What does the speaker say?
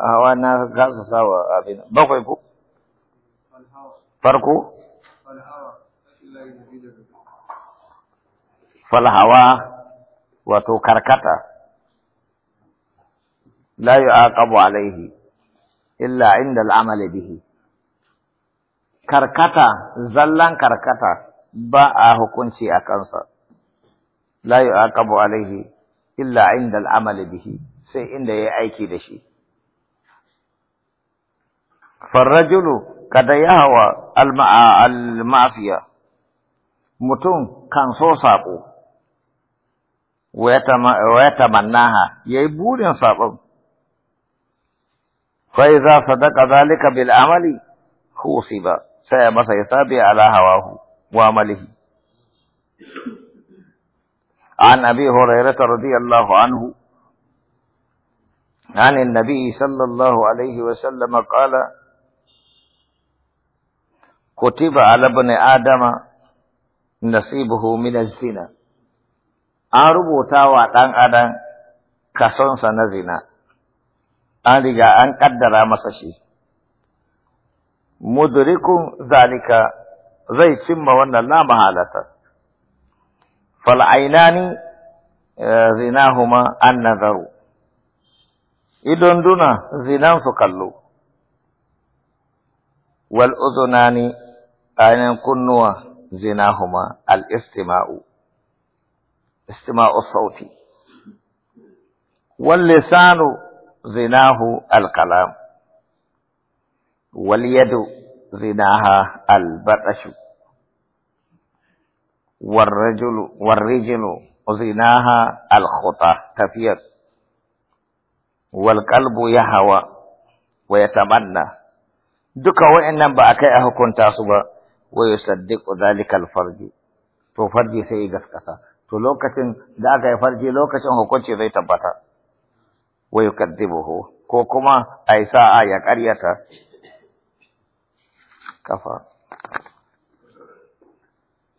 hawa na gasa sawa abin bakwai ko farko falhawa wato karkata la yu'aqabu alaihi illa inda al'amali bihi karkata zallan karkata ba a hukunci a kansa la yu'aqabu alaihi illa inda al'amali bihi sai inda yayi aiki da shi فالرجل قد يهوى آه، المعافية متون كان صوصاقو ويتم... ويتمناها يبوني صاقو فإذا صدق ذلك بالعمل خوصب سيمس يسابي على هواه وعمله عن أبي هريرة رضي الله عنه عن النبي صلى الله عليه وسلم قال kutiba ala ne adama nasibuhu min al-zina an rubuta wa dan adam kasonsa na zina an riga an ƙaddara masa shi mudrikun zalika zai cimma wannan la mahalata fal ainani eh, huma an nazaru idon duna zinansu kallo wal uzunani أنا أن يكون زناهما الاستماع استماع الصوت واللسان زناه الكلام واليد زناها البطش والرجل والرجل زناها الخطى كثير والقلب يهوى ويتمنى دك وإن بأكيه كنت أصبه wa yusaddiqu zalika al-farji to farji sai gaskata to lokacin da aka yi farji lokacin hukunci zai tabbata wa yukaddibuhu ko kuma ai sa'a ya karyata kafa